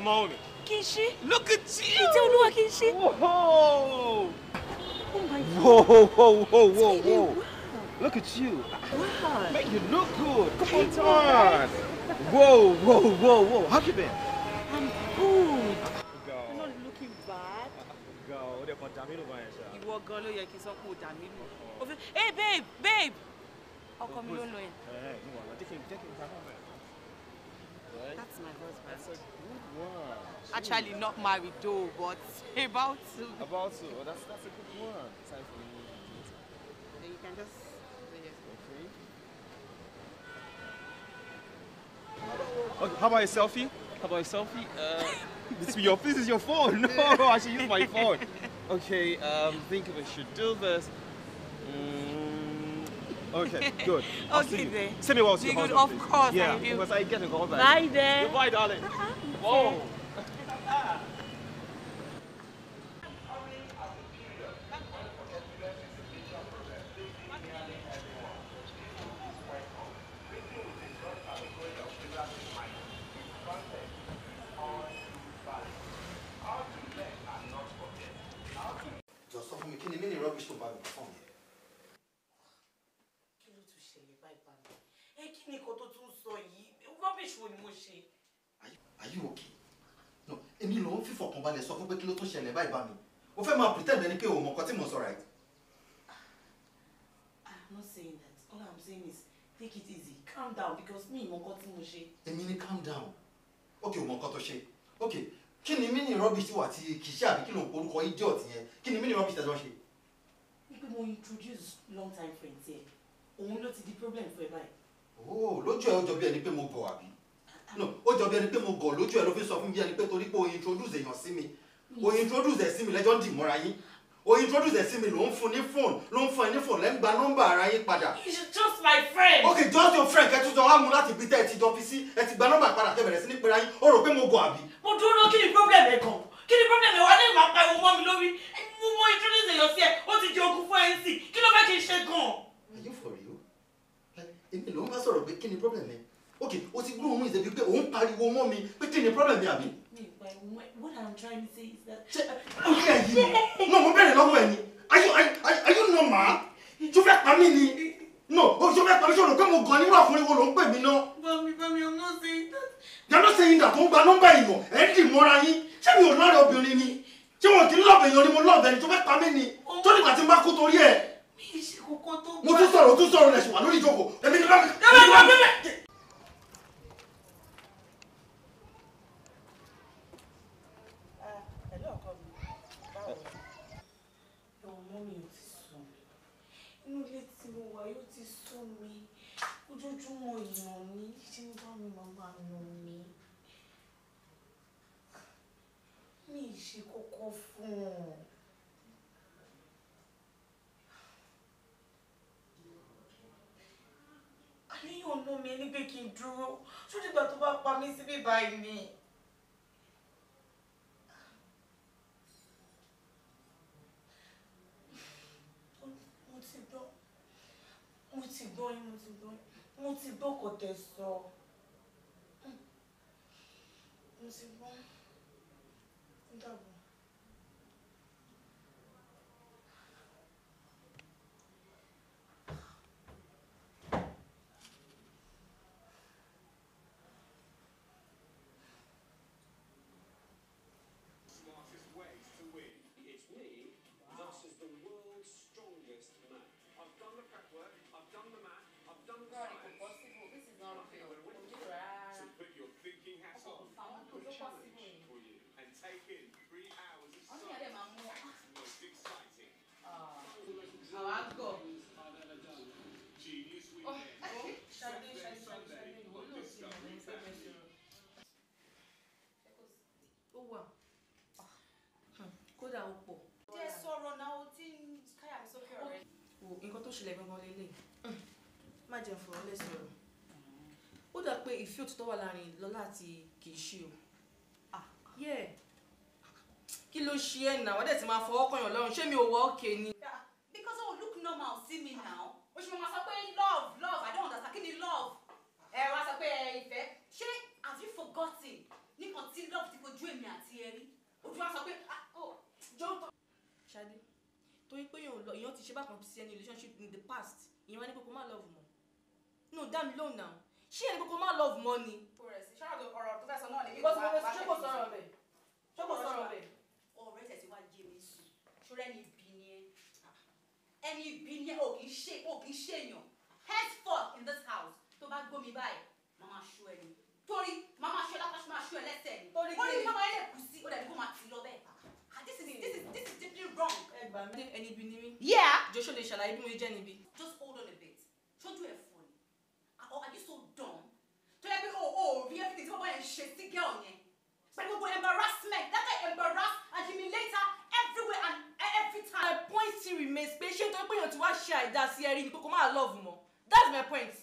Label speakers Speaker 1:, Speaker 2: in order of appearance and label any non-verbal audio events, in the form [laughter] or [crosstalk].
Speaker 1: i on it. Kinshi. Look at you. It's Olua Kinshi. Whoa. Oh my God. Whoa, whoa, whoa, whoa, whoa. Look at you. Wow. Make you look good. Come Thank on. whoa, whoa, whoa, whoa. How you been? I'm good. Girl. I'm not looking bad. Girl, they're called Damilu by yourself. You walk girl, you're kissing cool Damilu. Hey, babe, babe. How come you don't know it? Hey, no, I'm taking, taking, my husband. Actually, not married though, but [laughs] about to. About to. Oh, that's, that's a good one. Time for me. Then you can just. Okay. okay. How about a selfie? How about a selfie? Uh, [laughs] this, your, this is your phone. [laughs] No, I should use my phone. Okay, um, think if it. Should do this. Okay, good. [laughs] I'll okay, then. Send me you. your Of please. course, yeah, I do. Because I get a call back. Bye, then. Goodbye, darling. Whoa. rubbish wo ni mo ṣe. are you okay? no èmi ló ń fífọkànbalẹ̀ sọ fún pé kí ló tó ṣẹlẹ̀ báyìí bá mi o fẹ́ máa pretend ẹni pé o mọ̀ ọkọ tí mo sọ right. Ah, i'm not saying that all i'm saying is take it easy calm down because mi mọ̀ ọkọ tí mo ṣe. èmi ni calm down ok o mọ̀ ọkọ tó ṣe ok kí ni mí rubbish wà tí kì í ṣe àbí kí ló ń porúkọ idiot yẹn kí ni mí ni rubbish tẹ̀sán ṣe. wípé mo introduce long time friend here òun ló ti di problem for ẹ báyìí oh lójú ẹ ó jọ bí ẹni pé mo gọ̀ àbí no ó jọ bí ẹni pé mo gọ̀ lójú ẹ ló fi sọ fún mi bí ẹni pé torí pé o introduce èèyàn sí mi o mm. introduce ẹ sí mi lẹ́jọ́ dì mọ́ra yín o introduce ẹ sí mi ló ń fún ní fóònù ló ń fún ẹ ní fóònù lẹ́ ń gba nọ́mbà ara yín padà. you should trust my friend. Okay, just your friend kẹtù sọ wá mu láti bí tẹ ẹ ti jọ fi sí ẹ ti gba nọ́mbà padà tẹ bẹ̀rẹ̀ sí ní pera yín ó rò pé mo gọ̀ àbí. mo dúró kí ni problem ẹ gan kí ni problem ẹ wà lẹ́yìn máa pa ìwọ mọ́ mi lórí mo introduce pé kí ni problem ẹ ok o ti gbóhùn ìṣẹ́bí pé òun pariwo mọ́ mi pé kí ni problem àbí. what i'm trying to say is that. ṣe ọkẹ ẹyí ni náà mo bẹ̀rẹ̀ lọ́wọ́ ẹ̀yin are you are you normal tó fẹ́ pa mí ni no o tó fẹ́ pa mí sọ̀rọ̀ pé mo gan nínú àforíwo ló ń pè mí náà. bami bami i'm not saying that. yàrá ṣe ìdà tó ń gba nọ́mbà èèyàn ẹ̀ ń dì mọ́ra yín ṣé mi ò lọ́ọ̀rẹ́ obìnrin ni ṣé wọn kì í lọ́ọ̀bù èèyàn ni mo lọ́ọ̀bù ẹni tó fẹ́ pa mí ni oh. tó nígbà tí n bá kú torí ẹ̀ mo tún sọ̀rọ̀ tún sọ̀rọ̀ lẹ̀sùn wà lórí ìjókòó èmi ni bámi. yàrá ìwà bíbẹ̀. mi ojoojúmọ́ ìyàn ni ṣé ń bá mi màmá yàn ni. mi ẹni pé kí n dúró ṣó dìgbà tó bá pa mí síbí báyìí ni. mo ti gbọ́ mo ti gbọ́ yín mo ti gbọ́ yín mo ti gbọ́ kò tẹ̀ sọ mo ti gbọ́ ń dàbọ̀. ó pọ̀. sọ̀rọ̀ náà o tí káyà mi sókè ọ̀rẹ́. o nǹkan tó ṣẹlẹ̀ gbọ́ngàn lélẹ̀ mm. má jẹ́ fọ̀rọ̀ lẹ́ ó dà pé ìfẹ́ òtítọ́ wà láàrin lọ́lá àti kìíṣe o ah. kí ló ṣe ẹ̀ náà wọ́n dẹ̀ ti máa fọwọ́ kọyàn lọ́rùn ṣé mi ò wọ́ òkè ni. because o look normal sí mi now o ṣe máa sọ pé She bákan sí any relationship in the past You want to kókó má love mọ́ no damn now. She dá mi lóhùn náà ṣé ẹni kókó má to mọ́ ni. ọ̀rẹ́ tẹ̀sí wá jẹ́ mi sùn ṣúrẹ́ ni ibi ni ẹ ẹni ibi ni ẹ ò kì í ṣe ò kì í ṣèyàn head forth in this house tó bá gbómi báyìí màmá ṣú ẹni torí màmá ṣú ẹ lápá máa ṣú Mama lẹ́sẹ̀ ni torí kí ni màmá ilé kù sí ó dàbí kó máa go lọ bẹ́ẹ̀ ah, this is this is this is deeply wrong. Any mi ẹni yeah Joshua lè ṣàlàyé bí mo just hold on a bit ṣojú ẹ̀ a phone. or are you so dumb tó yẹ pé oh ò rí everything tí bàbá yẹn ṣe girl. girl yẹn pẹ̀lú embarrass me. that guy embarrass and humiliate everywhere and every time. my point still remains pé ṣé nítorí pé èèyàn ti wá ṣe Hearing you, come out love more. that's my point.